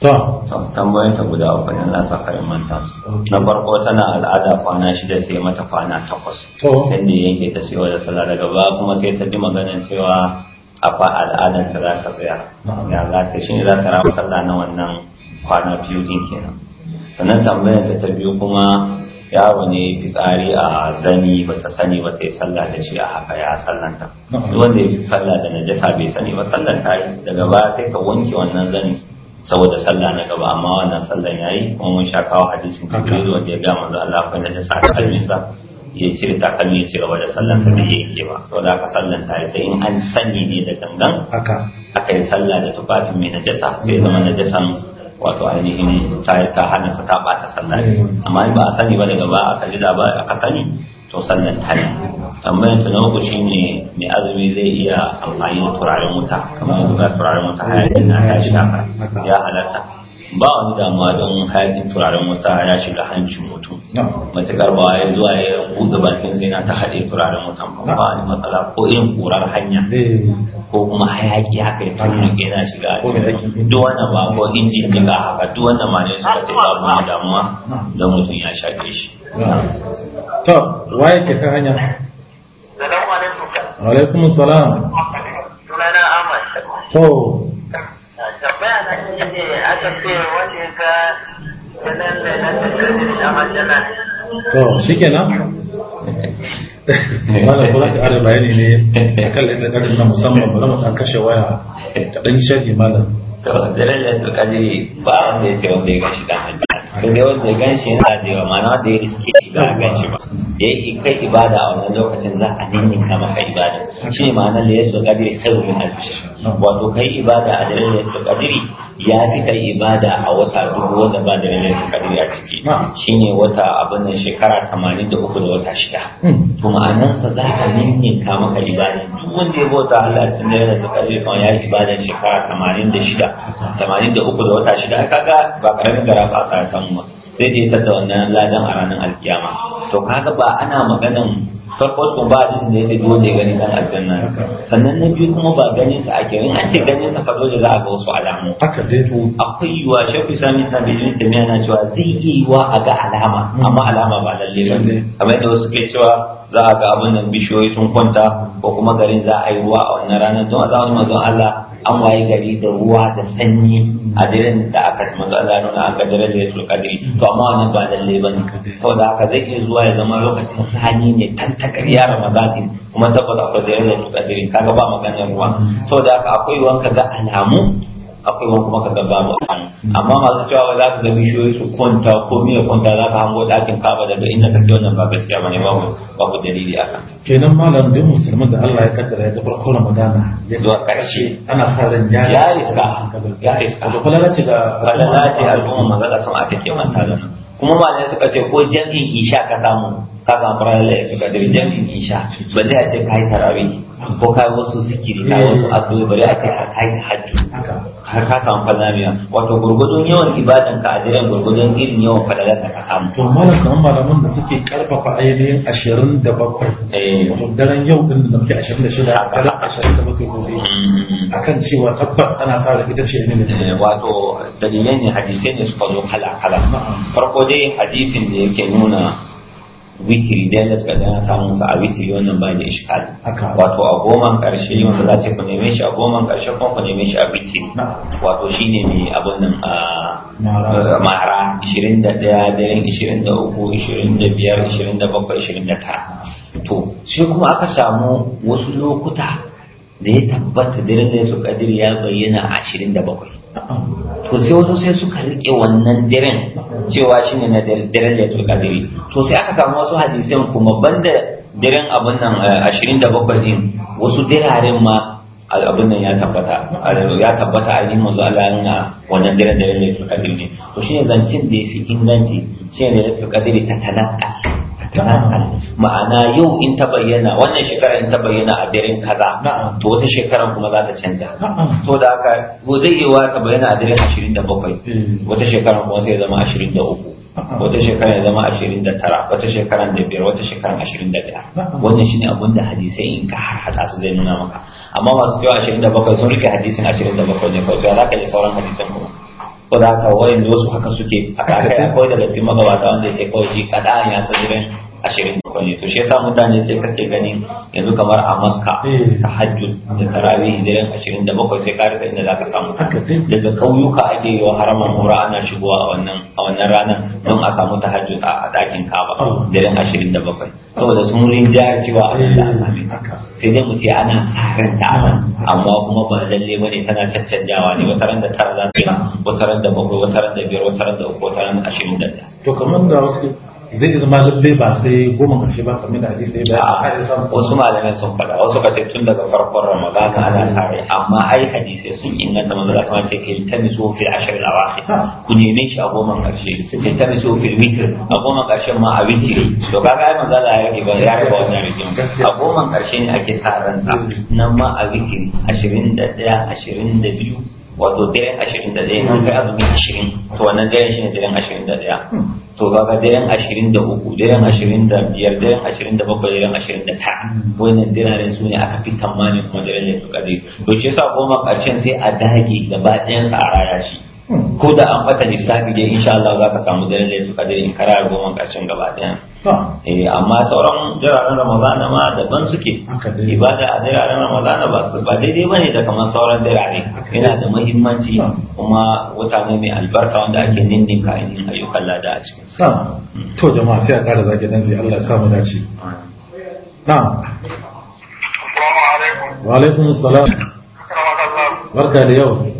To. Tambayin ta guda uku ne Allah sakarin manta. Na farko tana al'ada kwana shida sai mata kwana takwas. To. Sai da yanke ta cewa da sallah daga ba kuma sai ta ji maganin cewa a fa al'adar ta za ta tsaya. Ya za ta shi ne za ta rama sallah na wannan kwana biyu din kenan. Sannan tambayar ta ta biyu kuma yaro ne ya fitsari a zani ba ta sani ba ta yi sallah da shi a haka ya sallanta wanda ya fi sallah da najasa bai sani ba sallan ta yi daga baya sai ka wanke wannan zani saboda sallah na gaba amma wannan sallan ya yi kuma mun sha kawo hadisin jibril wanda ya ga manzo Allah akwai najasa a kalminsa ya cire takalmi ya ci gaba da sallansa da yake ba saboda haka sallan ta yi sai in an sani ne da gangan aka yi sallah da tufafin mai najasa sai zama najasan wato ainihin ta ta hana sa ta bata sallah amma in ba a sani ba daga ba a kaji da ba ka sani to sallan ta ne tambayar ta na uku ne, mai azumi zai iya amfani da turaren wuta kamar yanzu ga turaren wuta hayar na ta shi ya halarta ba wani damuwa don hayakin turaren wuta ya shiga hancin mutum matuƙar ba ya zuwa ya buɗe bakin zina ta haɗe turaren wuta ba ba wani matsala ko irin kurar hanya eh. ko kuma hayaki haka ya fara nuke na shiga duk wannan ba ko injin daga haka duk wannan ma ne suka ce ba wani damuwa don mutum ya shaƙe shi. to waye ke kan hanya. salamu alaikum. alaikum salam. sunana ahmad. to
tambaya na shi ne aka to shi kenan
Malam ko ka ƙara bayani ne a kan na musamman ba mu mutan kashe waya kaɗan shafi malam
to da ba wanda ya ce wanda ya ganshi dan aljanna sai dai wanda ya ganshi yana da yawa ma'ana wanda ya riske shi ba a ba da kai ibada a wannan lokacin za a ninninka maka ibada shi ne wato kai ibada a lailatul qadri ya fi ka ibada a wata duk wanda ba da lalata kadiri a ciki shine wata abin da shekara tamanin da uku da wata shida hmm. to ma'anarsa za ka ninkin ka maka ibada duk wanda ya bauta Allah tun da yana zaka da kawai ya ibada shekara tamanin da shida tamanin da uku da wata shida kaga ba karamin garafa fa a samu ba sai dai ta da wannan ladan a ranar alkiyama to kaga ba ana maganan farko sun ba hadisin da yace dole ne gani dan aljanna sannan na biyu kuma ba ganin sa ake in an ce ganin sa fa da za a ga wasu alamu aka dai to akwai yuwa shafi sami na bijin da yana cewa zai iya yuwa a ga alama hmm. amma alama ba lalle ba amma da wasu ke cewa za a ga abin nan bishiyoyi sun kwanta ko kuma garin za a yi ruwa a wannan ranar don a zama mazan Allah an waye gari da ruwa da sanyi mm. a daren da aka matsala nuna aka daren da sulka dare. to amma wannan ba da ba ne mm. saboda haka zai iya zuwa ya zama lokacin sani ne dan ta ƙarya ramadan kuma tabbata akwai daren da sulka kaga ba maganar ruwa mm. saboda haka akwai wanka ga alamu akwai wani kuma ka mu amma masu cewa ba za ka ga bishiyoyi su kwanta ko miya kwanta za ka hango ɗakin kaba daga inda ka ke wannan ba gaskiya ba ne ba mu dalili a kansa.
kenan malam duk musulman da Allah ya kaddara ya tabar kola magana ya
zuwa ƙarshe ana sa ran ya ya iska ya iska Kuma kula ce da kula ce al'umma maza sun a take manta da nan kuma ne suka ce ko jam'in isha ka samu ka samu ranar ya suka dire jam'in isha ba zai a ce ka yi tarawih ko ka yi wasu sikiri ka yi wasu addu'o'i ba zai a ce ka yi hajji har ka samu fadamiya wato gurgudun yawan ibadan ka ajiran gurgudun irin yawan fadalar da ka samu to mana kaman malaman da suke karfafa ainihin 27 eh. wato daren yau din da muke 26 a daren 27 gobe mm. akan cewa tabbas ana sa da ita ce ne eh, wato dalilan ne hadisai ne suka zo kala kala farko dai hadisin da yake nuna witiri da da suka na samun sa a witiri wannan ba ne ishkal haka wato a goman karshe mm. wanda za ce ku neme shi a goman karshe kuma ku neme shi a witiri wato shine mai abun nan a mara 21 daren 23 25 27 29 to sai kuma aka samu wasu lokuta da ya tabbata daren da su kadir ya bayyana ashirin da bakwai to sai wasu sai suka rike wannan daren cewa shi ne na daren da su kadir to sai aka samu wasu hadisan kuma banda daren abin nan eh, ashirin da bakwai din wasu diraren ma abin nan ya tabbata ya tabbata a yi Allah ya nuna wannan daren daren da su kadir ne to shine zancen da ya fi inganci shi ne da kadiri ta tanakal ma'ana yau in ta bayyana wannan shekara in ta bayyana a birin kaza to wata shekara kuma za ta canja to da haka ko zai iya wa ta bayyana a birin 27 eh. wata shekara kuma sai zama 23 wata shekara ya zama ashirin da tara wata shekara da biyar wata shekara ashirin da biyar wannan shine abun da hadisai in ka har hada su zai nuna maka amma masu cewa ashirin da bakwai sun rike hadisin ashirin da bakwai ne kawai za ka ji sauran hadisan kuma ko da haka da wasu haka suke a kakai akwai daga cikin magabata wanda ya ce kawai ji kaɗan ya sa jiran ashirin da ne to shi yasa mutane sai kake gani yanzu kamar a makka eh. ta hajju da tarawi hijiran ashirin da bakwai sai karisa inda za ka samu daga ƙauyuka ake yi wa haraman hura ana shigowa a wannan a wannan ranar don a samu ta hajju a ɗakin kaba hijiran oh. ashirin da bakwai saboda sun rin jihar cewa a da a sami sai dai mu ce ana tsarin ta amma kuma ba lalle bane tana caccanjawa ne wata ran da tara za ta wata ran da bakwai wata ran da biyar wata ran da uku wata ran da ashirin da to kamar da
wasu zai zama lalle ba sai goma karshe ba kamar da hadisi da wasu malamai
sun faɗa wasu ka ce tun daga farkon ramadan ana sare amma ai hadisi sun inganta manzo da sama ce iltani so fi ashar al-awakhir ku neme shi a goma karshe iltani so fi witr a goma karshen ma a witr to kaga ai manzo da ya riga ya riga wannan rigin a goma karshe ne ake sa ran sa hmm. nan ma a witr 21 22 wato daren 21 an kai azumi 20 to wannan daren shi ne daren 21 to kaga daren ashirin da uku daren ashirin da biyar daren ashirin da bakwai daren ashirin da tara wannan diraren su ne aka fi tamanin kuma daren da suka zai to shi yasa goma ƙarshen sai a dage gaba ɗayansa a raya shi ko da an fata lissafi dai insha Allah za ka samu da lalle su kadai in karar goma karshen gaba ɗaya. eh amma sauran jiraren Ramadana ma daban suke ibada a jiraren Ramadana ba su ba daidai bane da kamar sauran jirare. yana da muhimmanci kuma wata ne mai albarka wanda ake ka yi ayyukan lada a cikin sa
hmm. to jama'a sai a kara zage dan sai Allah ya samu dace na'am wa alaikum assalam barka da yau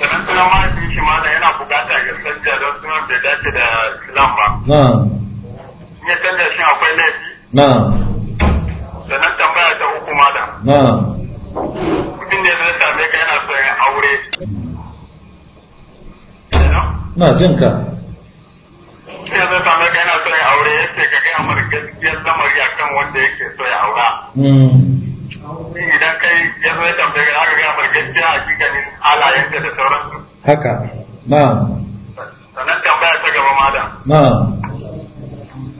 sannan kuma mahaifin shi mana yana bukata ya canja don sunan da dace da islam ba
in
ya canja shi akwai laifi
sannan tambaya ta uku mada mutum ne zai same ka yana son aure na jin ka
ya zai same ka yana son aure ya ce ka gaya mara gaskiyar lamari akan wanda yake so ya aura hmm. idan kai ya zo ya tambaye aka gaya mai gaskiya a cikin halayenka da sauransu
haka na'am sannan tambaya ta gaba mada na'am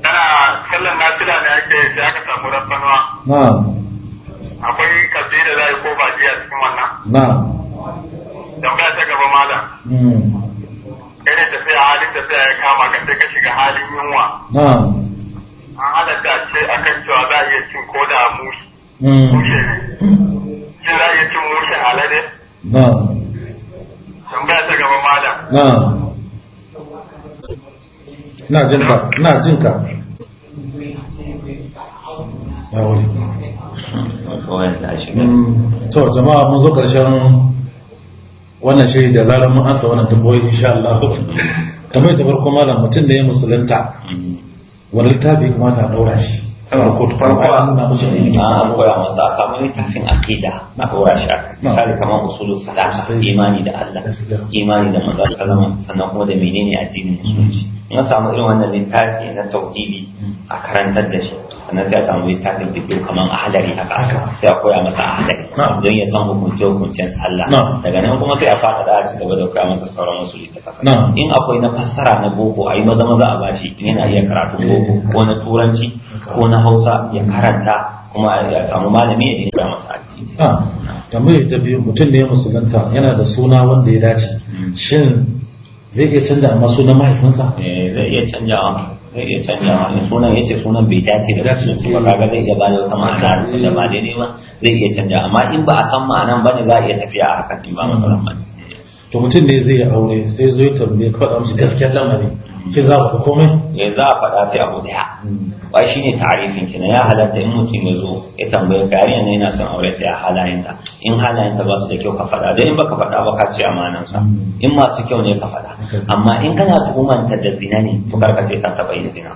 tana sallan nafila ne ake sai aka
samu rabbanwa na'am akwai kabbi da zai ko baki a cikin wannan na'am tambaya ta gaba mada hmm. kai ne a halin tafiya ya kama ka sai ka shiga halin yunwa na'am an halatta ce akan cewa
za a iya cin ko da mushi mushe hmm. shi za iya cin mushen alade tambaya ta gaba mada na jin ka na jin ka ya
hmm. to jama'a mun zo karshen wannan shiri da zarar mun ansa wannan tambayoyi insha Allah kamar ta farko malam mutum da ya musulunta hmm. wani littafi kuma ta daura shi
farko an koya masa a samu littafin aqida na koya shi misali kamar usulu salah imani da Allah imani da manzon sallama sannan kuma da menene addinin musulunci hmm. in samu irin wannan littafi na tauhidi a karantar da shi sannan sai a samu littafin da biyu kamar a hadari a ƙasa sai a koya masa a hadari don ya san hukunce hukuncen sallah daga nan kuma sai a fada da ci gaba da koya masa sauran wasu littafi in akwai na fassara na boko a yi maza maza a bashi yana iya karatu boko ko na turanci ko na hausa ya karanta kuma ya samu malami ya koya masa addini. tambayar ta biyu
mutum ne musulunta yana da suna wanda ya dace hmm. shin zai iya canja amma sunan mahaifinsa
eh, zai iya canjawa zai iya sunan yace sunan bai dace da su ba kaga zai iya ba da wata ma'ana da ba daidai ba zai iya canja amma in ba a san ma'anan ba ne za a iya tafiya a hakan
in hmm. ba matsalan ba to mutum ne zai yi aure sai zai ya tambaye kawai amshi gaskiyar lamarin
shi za ku komai ya eh, za a faɗa sai abu daya hmm. ba shi ne ta'arifin kina ya halatta in mutum ya zo ya tambaya gariya yarinya yana son aure ta ya halayenta in halayenta ba su da kyau ka faɗa don in baka faɗa ba ka ce amanan sa mm. in masu kyau ne ka faɗa amma in kana tuhumanta da zina ne to ka ce ta taɓa yin zina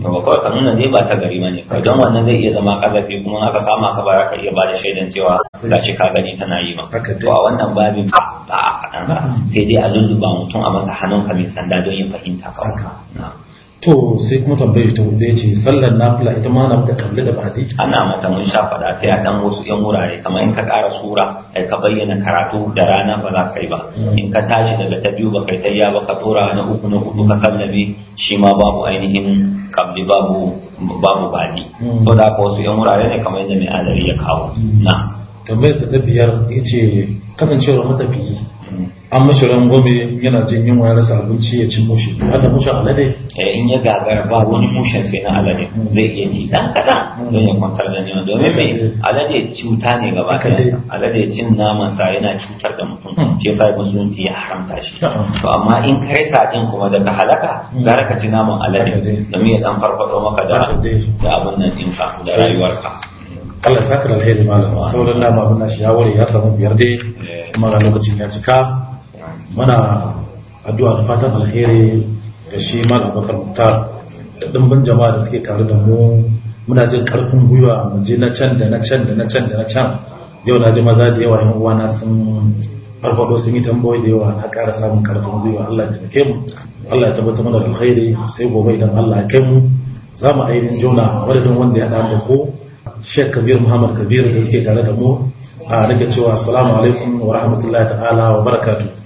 to ba kawai ka nuna zai bata gari ba ne don wannan zai iya zama kazafi kuma aka kama ka ba ka iya ba da shaidan cewa ga shi ka gani tana yi ma to a wannan babin ba a faɗa ba mm. sai dai a lulluba mutum a masa hannun ka kamin sanda don yin fahimta kawai
to sai kuma tambayar ta hudu ce sallar nafila ita ma na da kalli da
baɗi ana mata mun sha faɗa sai a dan wasu yan wurare kamar in ka ƙara sura kai ka bayyana karatu da rana ba za ka yi ba mm. in ka tashi daga ta biyu ba kai tayya ba ka tura na uku na uku ka sallame shi ma babu ainihin kabli babu babu baɗi mm. to da ka wasu yan wurare ne kamar yadda mai adari ya kawo mm. na
tambayar ta biyar yace kasancewar matafiyi an mashi rangwame yana jin yunwa ya rasa abinci ya ci mushi hada mushin
alade eh, in ya gagara ba wani mushin sai na alade zai iya ci dan kadan don ya kwantar da yunwa domin mai alade cuta ne gaba ɗaya alade cin naman sa yana cutar da mutum hmm. shi yasa musulunci ya haramta shi to amma in kai sa din kuma daga halaka hmm. gara ka ci naman alade domin ya dan farfado maka da da abin nan din ka da rayuwarka
Allah ya saka alheri malama. saboda nama abin shi ya wuri ya samu biyar dai eh. kuma lokacin ya cika muna addu'a da fatan alheri ga shi malam bakar mutar da dimbin jama'a da suke tare da mu muna jin karfin gwiwa mu je na can da na can da na can da na can yau na ji maza da yawa yan uwana sun farfado sun yi tambayoyi da yawa na ƙara samun karfin gwiwa Allah ya taimake mu Allah ya tabbata mana da alheri sai gobe idan Allah ya kai mu za mu ainihin jona wadadin wanda ya da ko Sheikh Kabir Muhammad Kabir da suke tare da mu a rage cewa assalamu alaikum wa rahmatullahi ta'ala wa barakatuh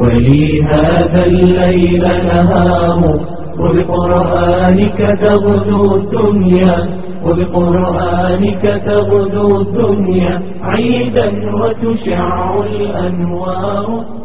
ولي هذا الليل نهار وبقرآنك تغدو الدنيا وبقرآنك تغدو الدنيا عيدا وتشع الأنوار